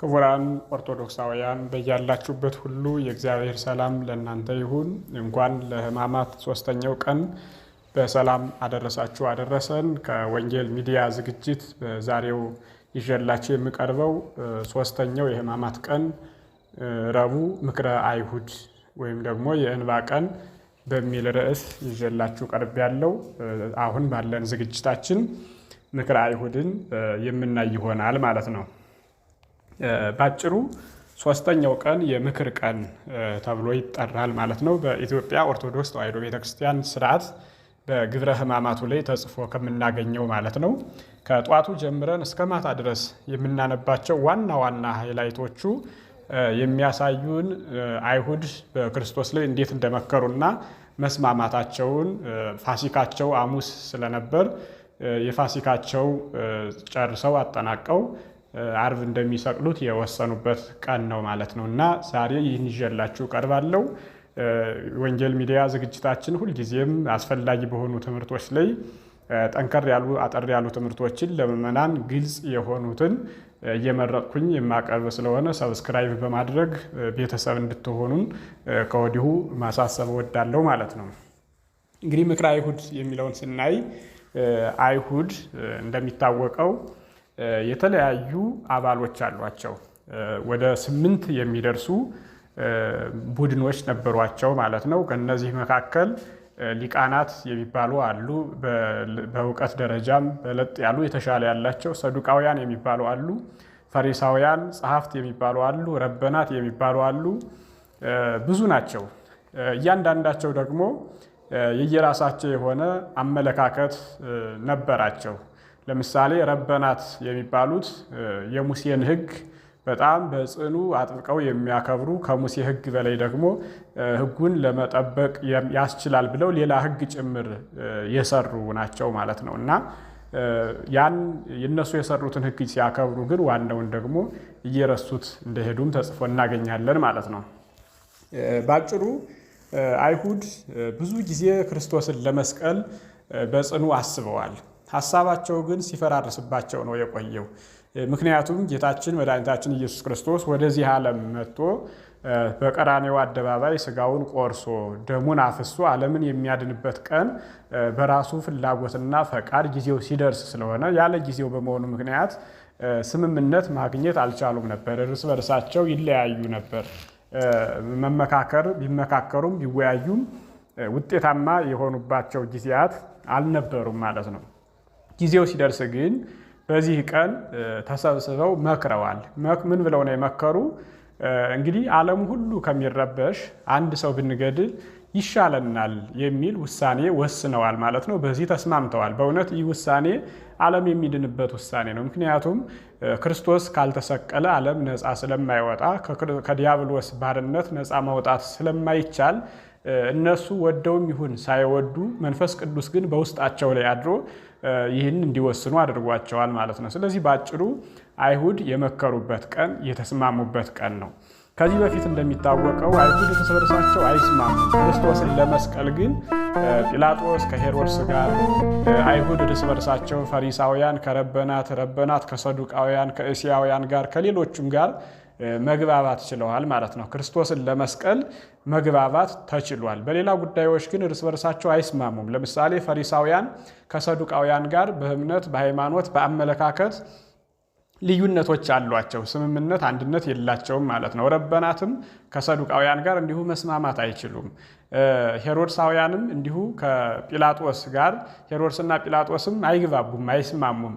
ክቡራን ኦርቶዶክሳውያን በያላችሁበት ሁሉ የእግዚአብሔር ሰላም ለእናንተ ይሁን። እንኳን ለሕማማት ሶስተኛው ቀን በሰላም አደረሳችሁ አደረሰን። ከወንጌል ሚዲያ ዝግጅት በዛሬው ይዤላችሁ የሚቀርበው ሶስተኛው የሕማማት ቀን ረቡዕ ምክረ አይሁድ ወይም ደግሞ የእንባ ቀን በሚል ርዕስ ይዤላችሁ ቀርብ ያለው አሁን ባለን ዝግጅታችን ምክረ አይሁድን የምናይ ይሆናል ማለት ነው። ባጭሩ ሶስተኛው ቀን የምክር ቀን ተብሎ ይጠራል ማለት ነው። በኢትዮጵያ ኦርቶዶክስ ተዋሕዶ ቤተክርስቲያን ስርዓት በግብረ ሕማማቱ ላይ ተጽፎ ከምናገኘው ማለት ነው። ከጧቱ ጀምረን እስከ ማታ ድረስ የምናነባቸው ዋና ዋና ሃይላይቶቹ የሚያሳዩን አይሁድ በክርስቶስ ላይ እንዴት እንደመከሩና መስማማታቸውን ፋሲካቸው አሙስ ስለነበር የፋሲካቸው ጨርሰው አጠናቀው አርብ እንደሚሰቅሉት የወሰኑበት ቀን ነው ማለት ነው እና ዛሬ ይህን ይዤላችሁ ቀርባለሁ። ወንጌል ሚዲያ ዝግጅታችን ሁልጊዜም አስፈላጊ በሆኑ ትምህርቶች ላይ ጠንከር ያሉ አጠር ያሉ ትምህርቶችን ለምዕመናን ግልጽ የሆኑትን እየመረጥኩኝ የማቀርብ ስለሆነ ሰብስክራይብ በማድረግ ቤተሰብ እንድትሆኑን ከወዲሁ ማሳሰብ እወዳለሁ ማለት ነው። እንግዲህ ምክረ አይሁድ የሚለውን ስናይ አይሁድ እንደሚታወቀው የተለያዩ አባሎች አሏቸው። ወደ ስምንት የሚደርሱ ቡድኖች ነበሯቸው ማለት ነው። ከእነዚህ መካከል ሊቃናት የሚባሉ አሉ። በእውቀት ደረጃም በለጥ ያሉ የተሻለ ያላቸው ሰዱቃውያን የሚባሉ አሉ። ፈሪሳውያን፣ ጸሐፍት የሚባሉ አሉ። ረበናት የሚባሉ አሉ። ብዙ ናቸው። እያንዳንዳቸው ደግሞ የየራሳቸው የሆነ አመለካከት ነበራቸው። ለምሳሌ ረበናት የሚባሉት የሙሴን ሕግ በጣም በጽኑ አጥብቀው የሚያከብሩ ከሙሴ ሕግ በላይ ደግሞ ሕጉን ለመጠበቅ ያስችላል ብለው ሌላ ሕግ ጭምር የሰሩ ናቸው ማለት ነው እና ያን የእነሱ የሰሩትን ሕግ ሲያከብሩ ግን ዋናውን ደግሞ እየረሱት እንደሄዱም ተጽፎ እናገኛለን ማለት ነው። ባጭሩ አይሁድ ብዙ ጊዜ ክርስቶስን ለመስቀል በጽኑ አስበዋል። ሐሳባቸው ግን ሲፈራርስባቸው ነው የቆየው። ምክንያቱም ጌታችን መድኃኒታችን ኢየሱስ ክርስቶስ ወደዚህ ዓለም መጥቶ በቀራኔው አደባባይ ስጋውን ቆርሶ ደሙን አፍሶ ዓለምን የሚያድንበት ቀን በራሱ ፍላጎትና ፈቃድ ጊዜው ሲደርስ ስለሆነ ያለ ጊዜው በመሆኑ ምክንያት ስምምነት ማግኘት አልቻሉም ነበር። እርስ በርሳቸው ይለያዩ ነበር። መመካከር ቢመካከሩም ቢወያዩም ውጤታማ የሆኑባቸው ጊዜያት አልነበሩም ማለት ነው። ጊዜው ሲደርስ ግን በዚህ ቀን ተሰብስበው መክረዋል። ምን ብለው ነው የመከሩ? እንግዲህ ዓለም ሁሉ ከሚረበሽ አንድ ሰው ብንገድል ይሻለናል የሚል ውሳኔ ወስነዋል ማለት ነው። በዚህ ተስማምተዋል። በእውነት ይህ ውሳኔ ዓለም የሚድንበት ውሳኔ ነው። ምክንያቱም ክርስቶስ ካልተሰቀለ ዓለም ነፃ ስለማይወጣ ከዲያብሎስ ባርነት ነፃ መውጣት ስለማይቻል እነሱ ወደውም ይሁን ሳይወዱ መንፈስ ቅዱስ ግን በውስጣቸው ላይ አድሮ ይህን እንዲወስኑ አድርጓቸዋል ማለት ነው። ስለዚህ በአጭሩ አይሁድ የመከሩበት ቀን የተስማሙበት ቀን ነው። ከዚህ በፊት እንደሚታወቀው አይሁድ እርስ በርሳቸው አይስማሙ። ክርስቶስን ለመስቀል ግን ጲላጦስ ከሄሮድስ ጋር፣ አይሁድ እርስ በርሳቸው ፈሪሳውያን ከረበናት፣ ረበናት ከሰዱቃውያን ከእስያውያን ጋር ከሌሎቹም ጋር መግባባት ችለዋል ማለት ነው። ክርስቶስን ለመስቀል መግባባት ተችሏል። በሌላ ጉዳዮች ግን እርስ በርሳቸው አይስማሙም። ለምሳሌ ፈሪሳውያን ከሰዱቃውያን ጋር በእምነት፣ በሃይማኖት፣ በአመለካከት ልዩነቶች አሏቸው። ስምምነት፣ አንድነት የላቸውም ማለት ነው። ረበናትም ከሰዱቃውያን ጋር እንዲሁ መስማማት አይችሉም። ሄሮድሳውያንም እንዲሁ ከጲላጦስ ጋር ሄሮድስና ጲላጦስም አይግባቡም፣ አይስማሙም።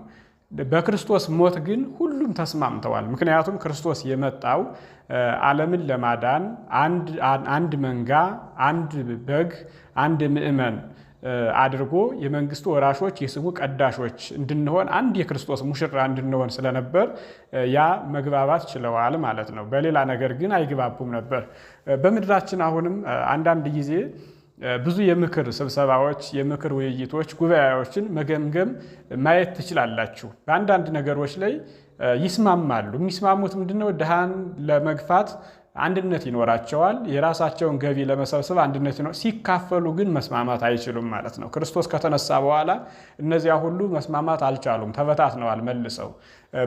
በክርስቶስ ሞት ግን ሁሉም ተስማምተዋል። ምክንያቱም ክርስቶስ የመጣው ዓለምን ለማዳን አንድ መንጋ፣ አንድ በግ፣ አንድ ምእመን አድርጎ የመንግስቱ ወራሾች የስሙ ቀዳሾች እንድንሆን አንድ የክርስቶስ ሙሽራ እንድንሆን ስለነበር ያ መግባባት ችለዋል ማለት ነው። በሌላ ነገር ግን አይግባቡም ነበር። በምድራችን አሁንም አንዳንድ ጊዜ ብዙ የምክር ስብሰባዎች፣ የምክር ውይይቶች፣ ጉባኤዎችን መገምገም ማየት ትችላላችሁ። በአንዳንድ ነገሮች ላይ ይስማማሉ። የሚስማሙት ምንድነው? ድሃን ለመግፋት አንድነት ይኖራቸዋል። የራሳቸውን ገቢ ለመሰብሰብ አንድነት ይኖ ሲካፈሉ ግን መስማማት አይችሉም ማለት ነው። ክርስቶስ ከተነሳ በኋላ እነዚያ ሁሉ መስማማት አልቻሉም፣ ተበታትነዋል መልሰው።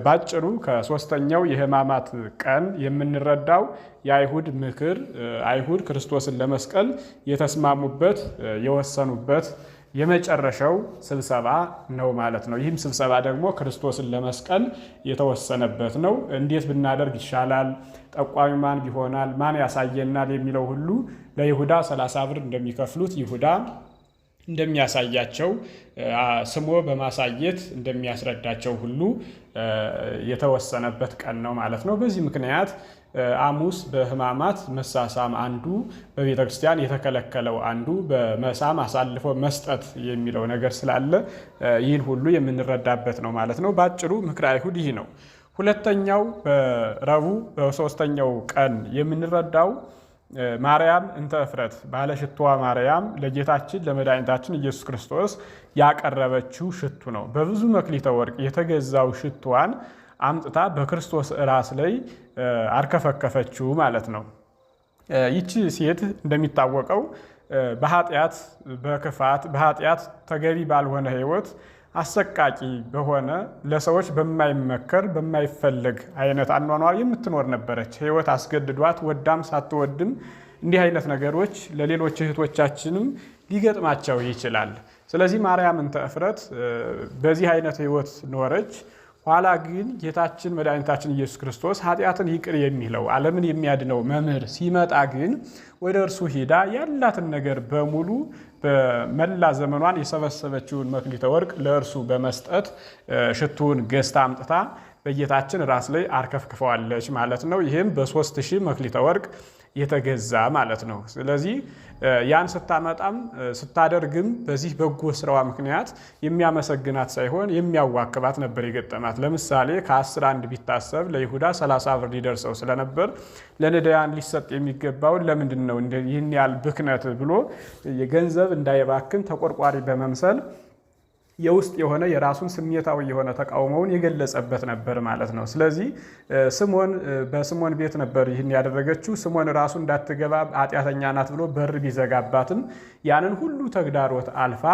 ባጭሩ ከሶስተኛው የህማማት ቀን የምንረዳው የአይሁድ ምክር አይሁድ ክርስቶስን ለመስቀል የተስማሙበት የወሰኑበት የመጨረሻው ስብሰባ ነው ማለት ነው። ይህም ስብሰባ ደግሞ ክርስቶስን ለመስቀል የተወሰነበት ነው። እንዴት ብናደርግ ይሻላል፣ ጠቋሚ ማን ይሆናል፣ ማን ያሳየናል የሚለው ሁሉ ለይሁዳ ሰላሳ ብር እንደሚከፍሉት ይሁዳ እንደሚያሳያቸው ስሞ በማሳየት እንደሚያስረዳቸው ሁሉ የተወሰነበት ቀን ነው ማለት ነው። በዚህ ምክንያት አሙስ በህማማት መሳሳም አንዱ በቤተ ክርስቲያን የተከለከለው አንዱ በመሳም አሳልፎ መስጠት የሚለው ነገር ስላለ ይህን ሁሉ የምንረዳበት ነው ማለት ነው። በአጭሩ ምክረ አይሁድ ይህ ነው። ሁለተኛው በረቡዕ በሶስተኛው ቀን የምንረዳው ማርያም እንተ እፍረት ባለ ማርያም ለጌታችን ለመድኃኒታችን ኢየሱስ ክርስቶስ ያቀረበችው ሽቱ ነው። በብዙ መክሊተ ወርቅ የተገዛው ሽቱዋን አምጥታ በክርስቶስ ራስ ላይ አርከፈከፈችው ማለት ነው። ይቺ ሴት እንደሚታወቀው በኃጢአት በክፋት በኃጢአት ተገቢ ባልሆነ ህይወት አሰቃቂ በሆነ ለሰዎች በማይመከር በማይፈለግ አይነት አኗኗር የምትኖር ነበረች። ህይወት አስገድዷት ወዳም ሳትወድም እንዲህ አይነት ነገሮች ለሌሎች እህቶቻችንም ሊገጥማቸው ይችላል። ስለዚህ ማርያም እንተ በዚህ አይነት ህይወት ኖረች። ኋላ ግን ጌታችን መድኃኒታችን ኢየሱስ ክርስቶስ ኃጢአትን ይቅር የሚለው ዓለምን የሚያድነው መምህር ሲመጣ ግን ወደ እርሱ ሄዳ ያላትን ነገር በሙሉ በመላ ዘመኗን የሰበሰበችውን መክሊተ ወርቅ ለእርሱ በመስጠት ሽቱውን ገዝታ አምጥታ በጌታችን ራስ ላይ አርከፍክፈዋለች ማለት ነው። ይህም በሦስት ሺህ መክሊተ ወርቅ የተገዛ ማለት ነው። ስለዚህ ያን ስታመጣም ስታደርግም በዚህ በጎ ስራዋ ምክንያት የሚያመሰግናት ሳይሆን የሚያዋክባት ነበር የገጠማት። ለምሳሌ ከአስር አንድ ቢታሰብ ለይሁዳ 30 ብር ሊደርሰው ስለነበር ለነዳያን ሊሰጥ የሚገባውን ለምንድን ነው ይህን ያህል ብክነት ብሎ የገንዘብ እንዳይባክን ተቆርቋሪ በመምሰል የውስጥ የሆነ የራሱን ስሜታዊ የሆነ ተቃውሞውን የገለጸበት ነበር ማለት ነው። ስለዚህ ስሞን በስሞን ቤት ነበር ይህን ያደረገችው። ስሞን ራሱ እንዳትገባ አጢአተኛ ናት ብሎ በር ቢዘጋባትም ያንን ሁሉ ተግዳሮት አልፋ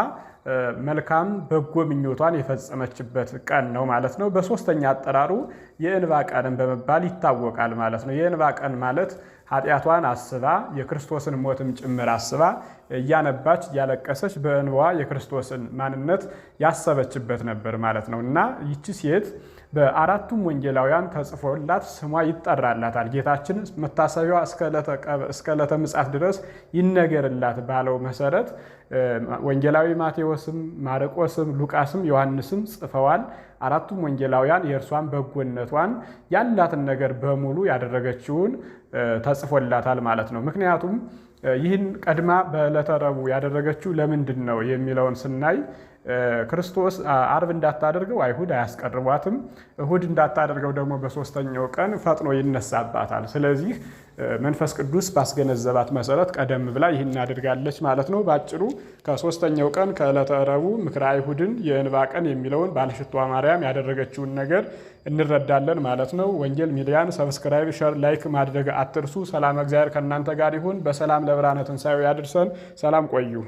መልካም በጎ ምኞቷን የፈጸመችበት ቀን ነው ማለት ነው። በሶስተኛ አጠራሩ የእንባ ቀንን በመባል ይታወቃል ማለት ነው። የእንባ ቀን ማለት ኃጢአቷን አስባ የክርስቶስን ሞትም ጭምር አስባ እያነባች እያለቀሰች በእንባዋ የክርስቶስን ማንነት ያሰበችበት ነበር ማለት ነው እና ይቺ ሴት በአራቱም ወንጌላውያን ተጽፎላት ስሟ ይጠራላታል። ጌታችን መታሰቢያዋ እስከ ዕለተ ምጽአት ድረስ ይነገርላት ባለው መሰረት ወንጌላዊ ማቴዎስም፣ ማርቆስም፣ ሉቃስም ዮሐንስም ጽፈዋል። አራቱም ወንጌላውያን የእርሷን በጎነቷን ያላትን ነገር በሙሉ ያደረገችውን ተጽፎላታል ማለት ነው። ምክንያቱም ይህን ቀድማ በዕለተ ረቡዕ ያደረገችው ለምንድን ነው የሚለውን ስናይ ክርስቶስ አርብ እንዳታደርገው አይሁድ አያስቀርቧትም። እሁድ እንዳታደርገው ደግሞ በሶስተኛው ቀን ፈጥኖ ይነሳባታል። ስለዚህ መንፈስ ቅዱስ ባስገነዘባት መሰረት ቀደም ብላ ይህን እናደርጋለች ማለት ነው። ባጭሩ ከሶስተኛው ቀን ከዕለተ ረቡዕ ምክረ አይሁድን የእንባ ቀን የሚለውን ባለሽቷ ማርያም ያደረገችውን ነገር እንረዳለን ማለት ነው። ወንጌል ሚዲያን ሰብስክራይብ፣ ሸር፣ ላይክ ማድረግ አትርሱ። ሰላም እግዚአብሔር ከእናንተ ጋር ይሁን። በሰላም ለብርሃነ ትንሣኤው ያድርሰን። ሰላም ቆዩ።